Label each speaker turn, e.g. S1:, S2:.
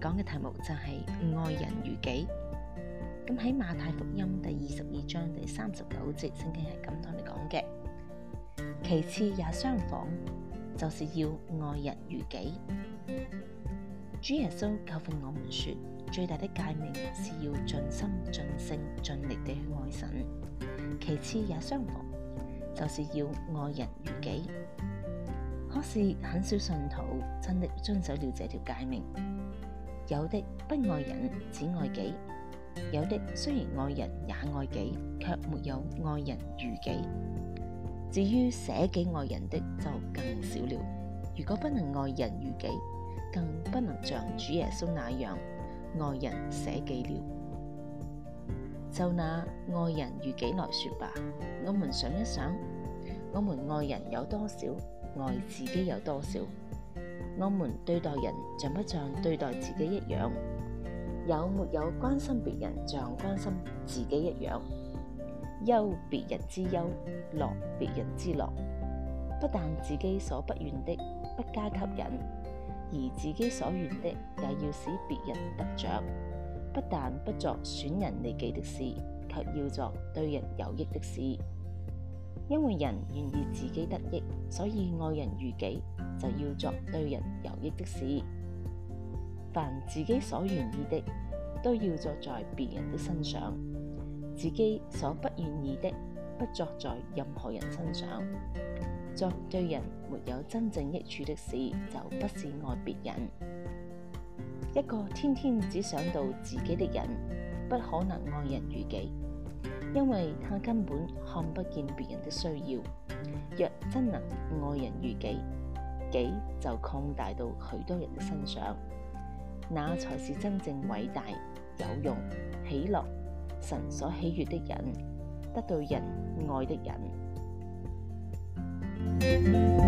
S1: 講嘅題目就係、是、愛人如己。咁喺馬太福音第二十二章第三十九節，聖經係咁同你講嘅。其次也相仿，就是要愛人如己。主耶穌教訓我們說，最大的誡命是要盡心、盡性、盡力地去愛神。其次也相仿，就是要愛人如己。可是很少信徒真的遵守了這條誡命。有的不愛人只愛己，有的雖然愛人也愛己，卻沒有愛人如己。至於捨己愛人的就更少了。如果不能愛人如己，更不能像主耶穌那樣愛人捨己了。就拿「愛人如己」來說吧，我們想一想，我們愛人有多少，愛自己有多少？我們對待人像不像對待自己一樣？有沒有關心別人像關心自己一樣？憂別人之憂，樂別人之樂。不但自己所不願的不加給人，而自己所願的也要使別人得着。不但不作損人利己的事，卻要作對人有益的事。因為人願意自己得益，所以愛人如己，就要作對人有益的事。凡自己所願意的，都要作在別人的身上；自己所不願意的，不作在任何人身上。作對人沒有真正益處的事，就不是愛別人。一個天天只想到自己的人，不可能愛人如己。因為他根本看不見別人的需要，若真能愛人如己，己就擴大到許多人的身上，那才是真正偉大、有用、喜樂、神所喜悅的人，得到人愛的人。